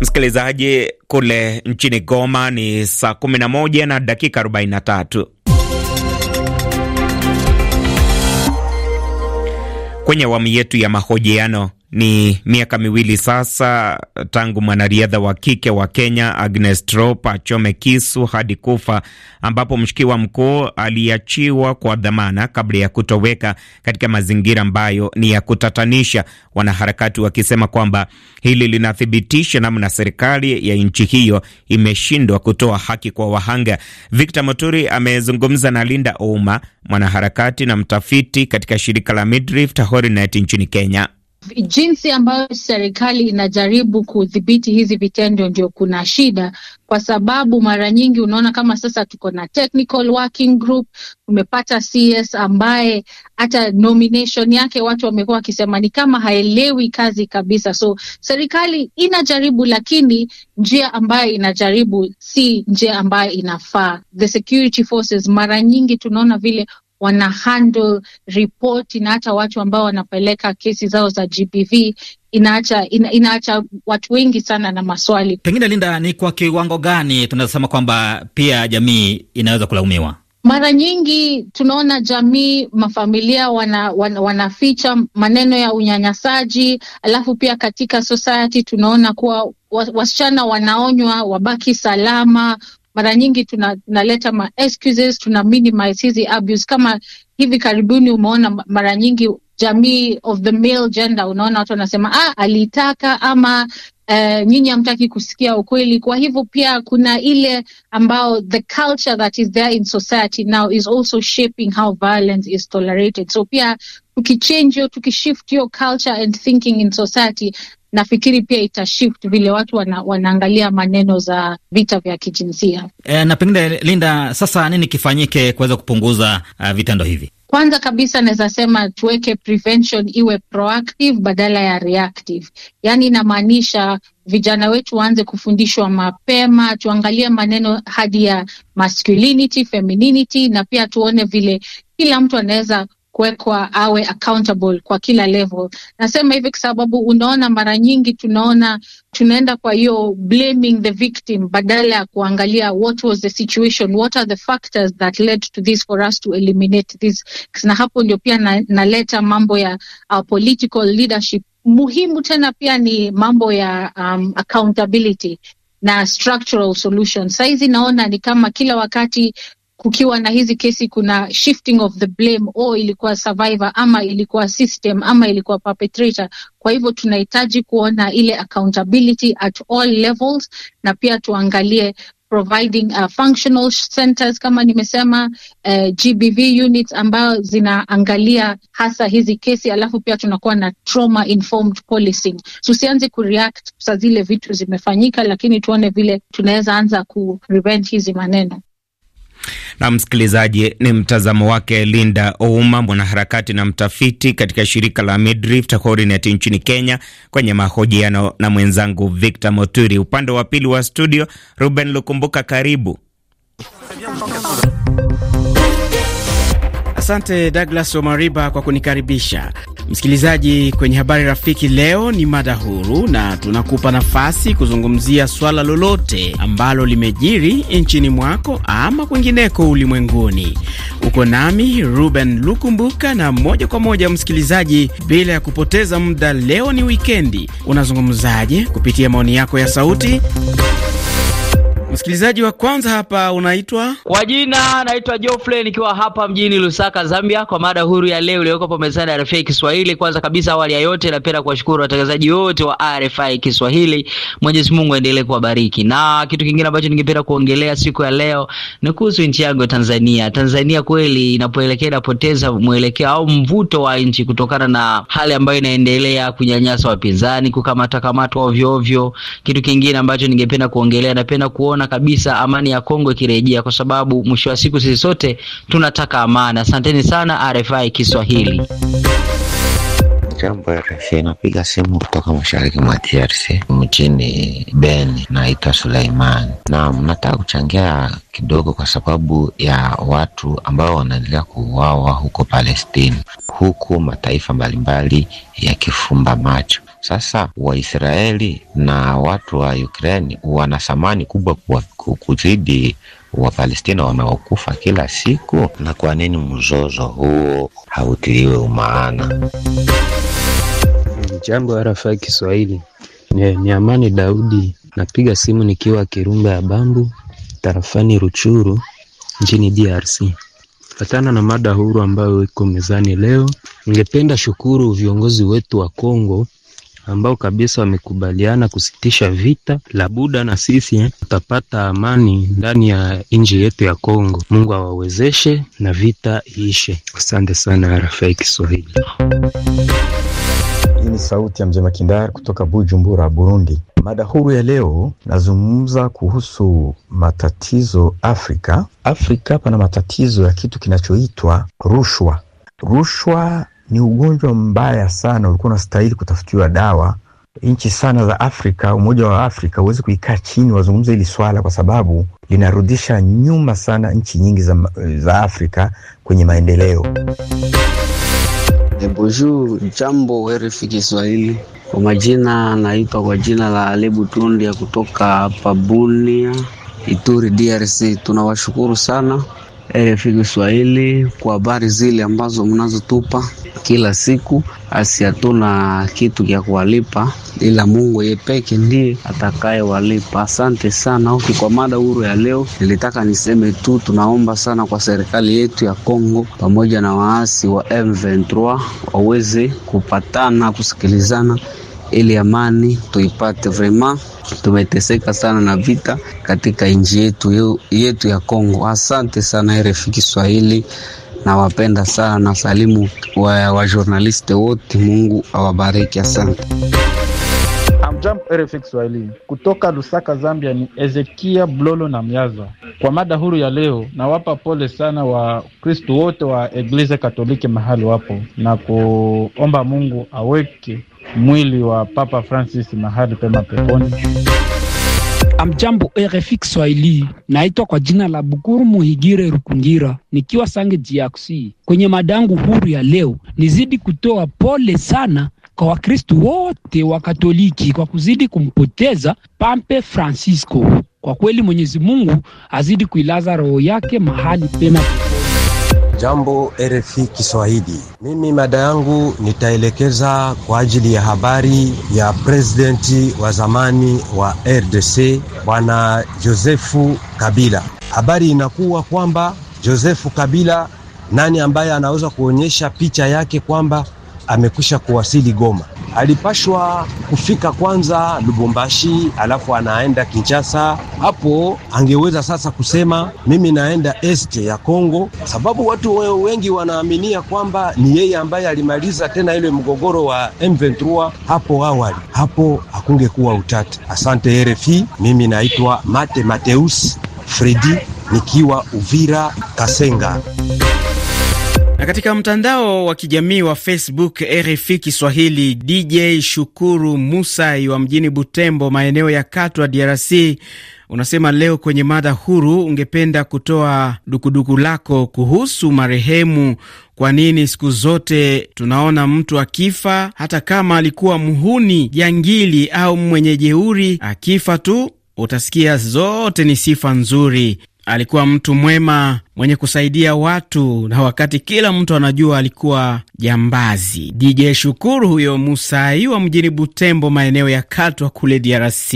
Msikilizaji, kule nchini Goma ni saa 11 na dakika 43. Kwenye awamu yetu ya mahojiano ni miaka miwili sasa tangu mwanariadha wa kike wa Kenya Agnes Trop achome kisu hadi kufa, ambapo mshukiwa mkuu aliachiwa kwa dhamana kabla ya kutoweka katika mazingira ambayo ni ya kutatanisha, wanaharakati wakisema kwamba hili linathibitisha namna serikali ya nchi hiyo imeshindwa kutoa haki kwa wahanga. Victor Moturi amezungumza na Linda Ouma, mwanaharakati na mtafiti katika shirika la Midrift Horinet nchini Kenya jinsi ambayo serikali inajaribu kudhibiti hizi vitendo ndio kuna shida, kwa sababu mara nyingi unaona kama sasa tuko na technical working group, CS ambaye hata nomination yake watu wamekuwa wakisema ni kama haelewi kazi kabisa. So serikali inajaribu, lakini njia ambayo inajaribu si njia ambayo inafaa. The security forces mara nyingi tunaona vile wana handle ripoti na hata watu ambao wanapeleka kesi zao za GBV inaacha ina, inaacha watu wengi sana na maswali. Pengine Linda, ni kwa kiwango gani tunasema kwamba pia jamii inaweza kulaumiwa? Mara nyingi tunaona jamii, mafamilia wana, wana, wanaficha maneno ya unyanyasaji, alafu pia katika society tunaona kuwa wasichana wanaonywa wabaki salama, mara nyingi tunaleta tuna ma excuses, tuna minimize hizi abuse. Kama hivi karibuni umeona mara nyingi jamii of the male gender, unaona watu wanasema ah, alitaka ama Uh, nyinyi hamtaki kusikia ukweli. Kwa hivyo pia kuna ile ambao the culture that is there in society now is also shaping how violence is tolerated. So pia tukichange hiyo, tukishift hiyo culture and thinking in society, nafikiri pia shift vile watu wana, wanaangalia maneno za vita vya kijinsia e, na pengine Linda, sasa nini kifanyike kuweza kupunguza uh, vitendo hivi? Kwanza kabisa naweza sema tuweke prevention iwe proactive badala ya reactive, yaani inamaanisha vijana wetu waanze kufundishwa mapema, tuangalie maneno hadi ya masculinity, femininity na pia tuone vile kila mtu anaweza kuwekwa awe accountable kwa kila level. Nasema hivi kwa sababu unaona, mara nyingi tunaona tunaenda kwa hiyo blaming the victim badala ya kuangalia what was the situation, what are the factors that led to this for us to eliminate this. Na hapo ndio pia na, naleta mambo ya uh, political leadership muhimu tena pia ni mambo ya um, accountability na structural solution. Saizi naona ni kama kila wakati kukiwa na hizi kesi kuna shifting of the blame o oh, ilikuwa survivor ama ilikuwa system ama ilikuwa perpetrator. Kwa hivyo tunahitaji kuona ile accountability at all levels, na pia tuangalie providing uh, functional centers kama nimesema, uh, eh, GBV units ambayo zinaangalia hasa hizi kesi, alafu pia tunakuwa na trauma informed policing. Tusianze kureact sa zile vitu zimefanyika, lakini tuone vile tunaweza anza ku prevent hizi maneno. Na msikilizaji, ni mtazamo wake Linda Ouma, mwanaharakati na mtafiti katika shirika la Midrift Coordinate nchini Kenya, kwenye mahojiano na mwenzangu Victor Moturi. Upande wa pili wa studio, Ruben Lukumbuka, karibu. Asante Douglas Omariba kwa kunikaribisha. Msikilizaji, kwenye habari rafiki leo ni mada huru na tunakupa nafasi kuzungumzia swala lolote ambalo limejiri nchini mwako ama kwingineko ulimwenguni. Uko nami Ruben Lukumbuka, na moja kwa moja msikilizaji, bila ya kupoteza muda, leo ni wikendi. Unazungumzaje kupitia maoni yako ya sauti? Msikilizaji wa kwanza hapa unaitwa kwa jina, naitwa Geoffrey nikiwa hapa mjini Lusaka, Zambia, kwa mada huru ya leo iliyoko hapo mezani ya RFI Kiswahili. Kwanza kabisa, awali ya yote, napenda kuwashukuru watangazaji wote wa RFI Kiswahili. Mwenyezi Mungu aendelee kuwabariki. Na kitu kingine ambacho ningependa kuongelea siku ya leo ni kuhusu nchi yangu Tanzania. Tanzania kweli inapoelekea inapoteza mwelekeo au mvuto wa nchi kutokana na hali ambayo inaendelea, kunyanyasa wapinzani, kukamata kamatwa ovyo ovyo. Kitu kingine ambacho ningependa kuongelea, napenda kuona kuona kabisa amani ya Kongo ikirejea, kwa sababu mwisho wa siku sisi sote tunataka amani. Asanteni sana RFI Kiswahili. Jambo RFI, napiga simu kutoka mashariki mwa DRC mjini Beni, naitwa Suleiman na nataka kuchangia kidogo kwa sababu ya watu ambao wanaendelea kuuawa huko Palestina, huku mataifa mbalimbali yakifumba macho sasa Waisraeli na watu wa Ukraine wana thamani kubwa kuzidi Wapalestina wanaokufa kila siku, na kwa nini mzozo huo hautiliwe umaana? Jambo RFI Kiswahili, ni, ni Amani Daudi, napiga simu nikiwa Kirumba ya Bambu tarafani Ruchuru nchini DRC. Fatana na mada huru ambayo iko mezani leo, ningependa shukuru viongozi wetu wa Kongo ambao kabisa wamekubaliana kusitisha vita, la buda na sisi eh, tutapata amani ndani ya nchi yetu ya Kongo. Mungu awawezeshe na vita iishe. Asante sana RFI Kiswahili. Hii ni sauti ya mjema kindari kutoka Bujumbura, Burundi. Mada huru ya leo nazungumza kuhusu matatizo Afrika. Afrika pana matatizo ya kitu kinachoitwa rushwa. Rushwa ni ugonjwa mbaya sana, ulikuwa unastahili kutafutiwa dawa. Nchi sana za Afrika, Umoja wa Afrika huwezi kuikaa chini wazungumze hili swala, kwa sababu linarudisha nyuma sana nchi nyingi za, za Afrika kwenye maendeleo. Eh, bonjour, jambo RFI Kiswahili. Kwa majina naitwa kwa jina la Alebu Tundia kutoka Pabunia, Ituri, DRC. Tunawashukuru sana RFI eh, Kiswahili kwa habari zile ambazo mnazotupa kila siku. Asi hatuna kitu kya kuwalipa, ila Mungu ye peke ndiye atakayewalipa. Asante sana. Uki kwa mada huru ya leo, nilitaka niseme tu tunaomba sana kwa serikali yetu ya Kongo pamoja na waasi wa M23 waweze kupatana, kusikilizana ili amani tuipate vrema. Tumeteseka sana na vita katika nchi yetu yetu ya Kongo. Asante sana RFI Kiswahili, nawapenda sana na salimu wa, wa journaliste wote. Mungu awabariki, asante. jambo RFI Kiswahili kutoka Lusaka, Zambia. Ni Ezekia Blolo na Myaza kwa mada huru ya leo. Nawapa pole sana wa Kristo wote wa Eglise Katoliki mahali wapo na kuomba Mungu aweke mwili wa Papa Francis mahali pema peponi. Amjambo RFI Kiswahili, naitwa kwa jina la Bukuru Muhigire Rukungira nikiwa Sange DRC. Kwenye madangu huru ya leo, nizidi kutoa pole sana kwa Wakristo wote wa Katoliki kwa kuzidi kumpoteza Pampe Francisco. Kwa kweli Mwenyezi Mungu azidi kuilaza roho yake mahali pema peponi. Jambo RFI Kiswahili, mimi mada yangu nitaelekeza kwa ajili ya habari ya presidenti wa zamani wa RDC bwana Josefu Kabila. Habari inakuwa kwamba Josefu Kabila, nani ambaye anaweza kuonyesha picha yake kwamba amekwisha kuwasili Goma. Alipashwa kufika kwanza Lubumbashi, alafu anaenda Kinshasa. Hapo angeweza sasa kusema mimi naenda este ya Kongo, sababu watu wengi wanaaminia kwamba ni yeye ambaye alimaliza tena ile mgogoro wa M23 hapo awali. Hapo hakungekuwa utata. Asante RFI. Mimi naitwa Mate Mateus Fredi nikiwa Uvira Kasenga. Na katika mtandao wa kijamii wa Facebook RFI Kiswahili, DJ Shukuru Musai wa mjini Butembo, maeneo ya Katwa, DRC, unasema leo kwenye mada huru ungependa kutoa dukuduku lako kuhusu marehemu. Kwa nini siku zote tunaona mtu akifa, hata kama alikuwa mhuni, jangili au mwenye jeuri, akifa tu utasikia zote ni sifa nzuri alikuwa mtu mwema mwenye kusaidia watu, na wakati kila mtu anajua alikuwa jambazi. DJ Shukuru huyo Musai wa mjini Butembo, maeneo ya Katwa kule DRC.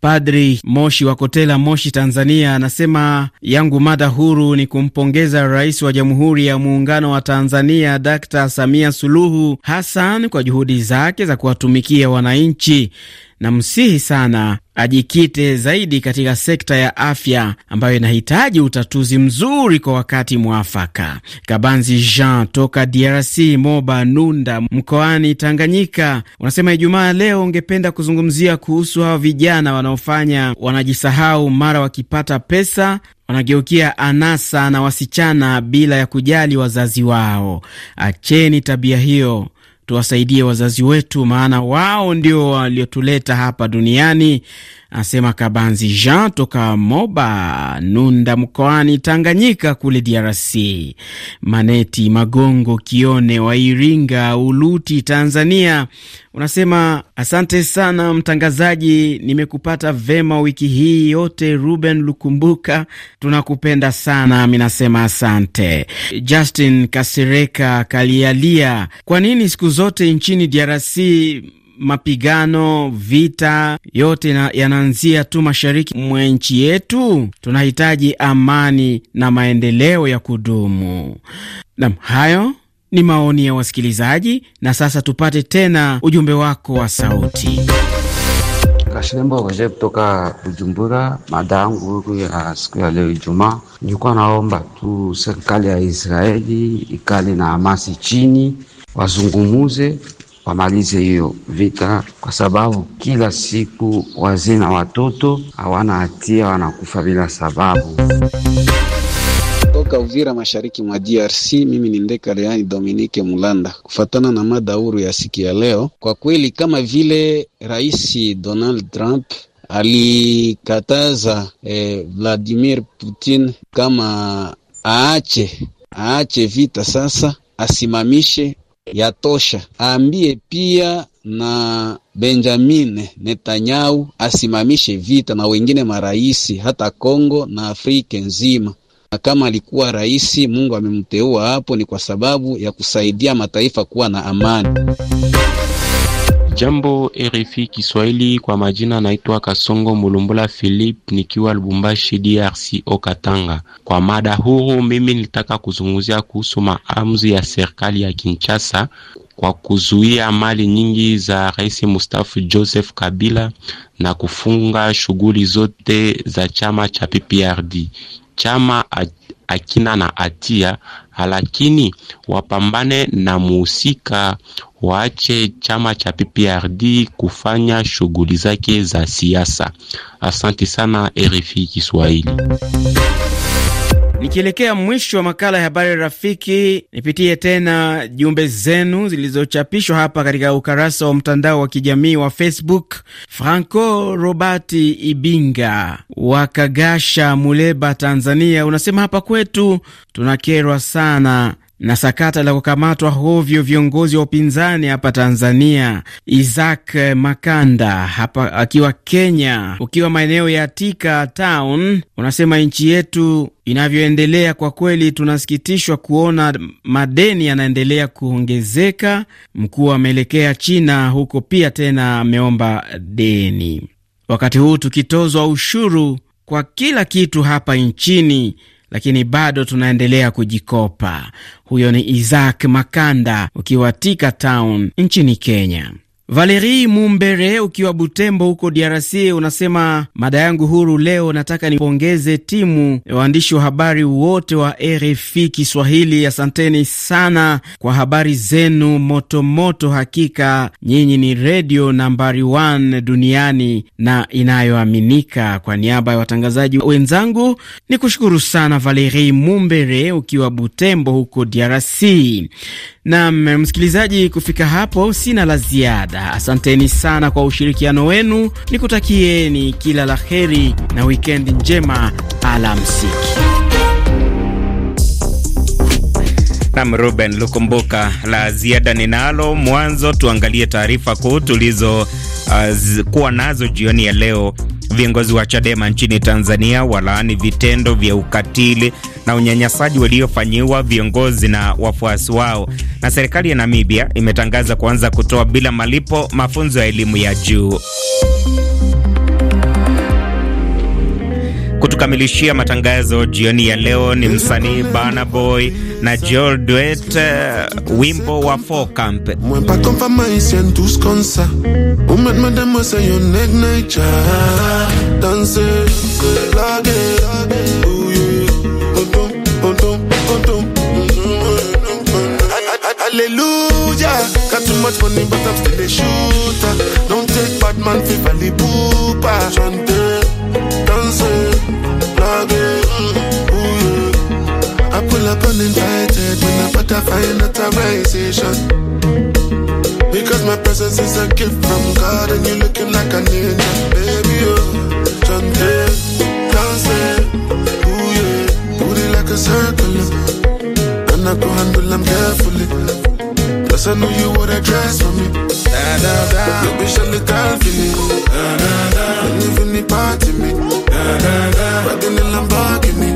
Padri Moshi wa Kotela, Moshi, Tanzania, anasema yangu mada huru ni kumpongeza Rais wa Jamhuri ya Muungano wa Tanzania Dkt. Samia Suluhu Hassan kwa juhudi zake za kuwatumikia wananchi na msihi sana ajikite zaidi katika sekta ya afya ambayo inahitaji utatuzi mzuri kwa wakati mwafaka. Kabanzi Jean toka DRC, Moba Nunda mkoani Tanganyika, unasema Ijumaa leo ungependa kuzungumzia kuhusu hawa vijana wanaofanya wanajisahau mara wakipata pesa wanageukia anasa na wasichana bila ya kujali wazazi wao. Acheni tabia hiyo tuwasaidie wazazi wetu, maana wao ndio waliotuleta hapa duniani, asema Kabanzi Jean toka Moba Nunda mkoani Tanganyika kule DRC. Maneti Magongo Kione wa Iringa Uluti Tanzania unasema asante sana mtangazaji, nimekupata vema wiki hii yote. Ruben Lukumbuka, tunakupenda sana, minasema asante. Justin kasereka Kalialia, kwa nini siku zote nchini DRC mapigano, vita yote yanaanzia tu mashariki mwa nchi yetu. Tunahitaji amani na maendeleo ya kudumu. Nam, hayo ni maoni ya wasikilizaji. Na sasa tupate tena ujumbe wako wa sauti. Kashirembo Oje kutoka Bujumbura. Mada yangu huku ya siku ya leo Ijumaa, nilikuwa naomba tu serikali ya Israeli ikali na Hamasi chini wazungumuze wamalize hiyo vita, kwa sababu kila siku wazee na watoto hawana hatia, wanakufa bila sababu. Toka Uvira, mashariki mwa DRC, mimi ni Ndeka Leani Dominike Mulanda. Kufatana na mada huru ya siku ya leo, kwa kweli kama vile Rais Donald Trump alikataza eh, Vladimir Putin kama aache aache vita sasa, asimamishe yatosha. Aambie pia na Benjamin Netanyahu asimamishe vita na wengine maraisi hata Kongo na Afrika nzima. Na kama alikuwa rais, Mungu amemteua hapo, ni kwa sababu ya kusaidia mataifa kuwa na amani. Jambo RFI Kiswahili, kwa majina naitwa Kasongo Mulumbula Philip, nikiwa Lubumbashi, DRC Okatanga. Kwa mada huru, mimi nilitaka kuzungumzia kuhusu maamuzi ya serikali ya Kinshasa kwa kuzuia mali nyingi za rais mustafa Joseph Kabila na kufunga shughuli zote za chama cha PPRD chama akina na hatia, lakini wapambane na muhusika, waache chama cha PPRD kufanya shughuli zake za siasa. Asante sana RFI Kiswahili. Nikielekea mwisho wa makala ya habari rafiki, nipitie tena jumbe zenu zilizochapishwa hapa katika ukarasa wa mtandao wa kijamii wa Facebook. Franco Robati Ibinga wa Kagasha, Muleba, Tanzania, unasema hapa kwetu tunakerwa sana na sakata la kukamatwa hovyo viongozi wa upinzani hapa Tanzania, Isaac Makanda hapa akiwa Kenya, ukiwa maeneo ya Tika Town, unasema nchi yetu inavyoendelea kwa kweli tunasikitishwa kuona madeni yanaendelea kuongezeka. Mkuu ameelekea China huko pia tena ameomba deni, wakati huu tukitozwa ushuru kwa kila kitu hapa nchini lakini bado tunaendelea kujikopa. Huyo ni Isaac Makanda ukiwa Tika Town nchini Kenya. Valeri Mumbere, ukiwa Butembo huko DRC, unasema mada yangu huru leo, nataka nipongeze timu ya waandishi wa habari wote wa RFI Kiswahili. Asanteni sana kwa habari zenu motomoto moto. Hakika nyinyi ni redio nambari 1 duniani na inayoaminika. Kwa niaba ya watangazaji wenzangu, ni kushukuru sana Valeri Mumbere, ukiwa Butembo huko DRC. Nam msikilizaji, kufika hapo sina la ziada. Asanteni sana kwa ushirikiano wenu, nikutakieni kila la heri na wikendi njema. Alamsiki. Nam Ruben Lukumbuka, la ziada ninalo mwanzo. Tuangalie taarifa kuu tulizokuwa uh, nazo jioni ya leo. Viongozi wa Chadema nchini Tanzania walaani vitendo vya ukatili na unyanyasaji waliofanyiwa viongozi na wafuasi wao, na serikali ya Namibia imetangaza kuanza kutoa bila malipo mafunzo ya elimu ya juu. Kutukamilishia matangazo jioni ya leo ni msanii Burna Boy na Joel Duet, uh, wimbo wa Four Camp. too much money, but I'm still a shooter. Don't take bad man for Valley Booper. Uninvited, when a butterfly, not a risation. Because my presence is a gift from God and you're looking like a ninja, baby. Oh, Chante, dance, ooh yeah, booty like a circle. And I go handle them carefully. Plus I know you would dress for me. Da da da, you be surely me. Da da da, and even the party me. Da da da, but then I'm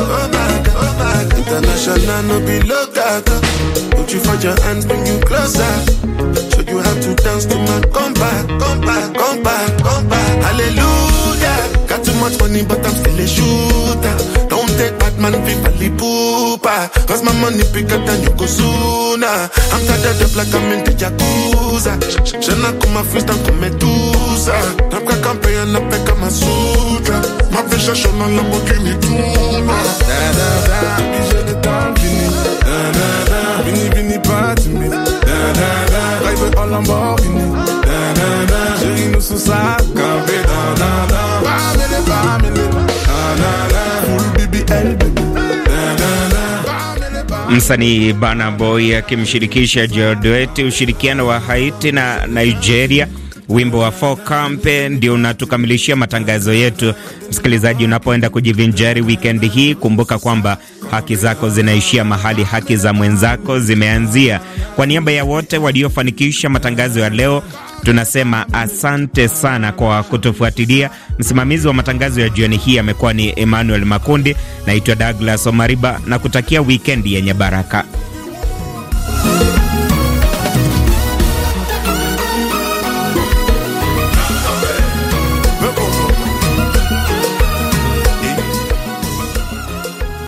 Obaga, Obaga. International, no be local. Put you for your hand, bring you closer. Show you how to dance to my come back, come back, come back, come back. Hallelujah. Got too much money, but I'm still a shooter. Don't take Batman man, people, pooper. Cause my money bigger than you go sooner. I'm tired of black, I'm in the jacuzza. Je n'ai que ma fils, tant que mes douze. Tant qu'à camper, on a pas comme un sutra. Ma vie, je suis Lamborghini, tout. Msanii bana Boy akimshirikisha Jodwet, ushirikiano wa Haiti na Nigeria wimbo wa Four Campe ndio unatukamilishia matangazo yetu. Msikilizaji, unapoenda kujivinjari wikendi hii, kumbuka kwamba haki zako zinaishia mahali haki za mwenzako zimeanzia. Kwa niaba ya wote waliofanikisha matangazo ya leo tunasema asante sana kwa kutufuatilia. Msimamizi wa matangazo ya jioni hii amekuwa ni Emmanuel Makundi. Naitwa Douglas Omariba na kutakia wikendi yenye baraka.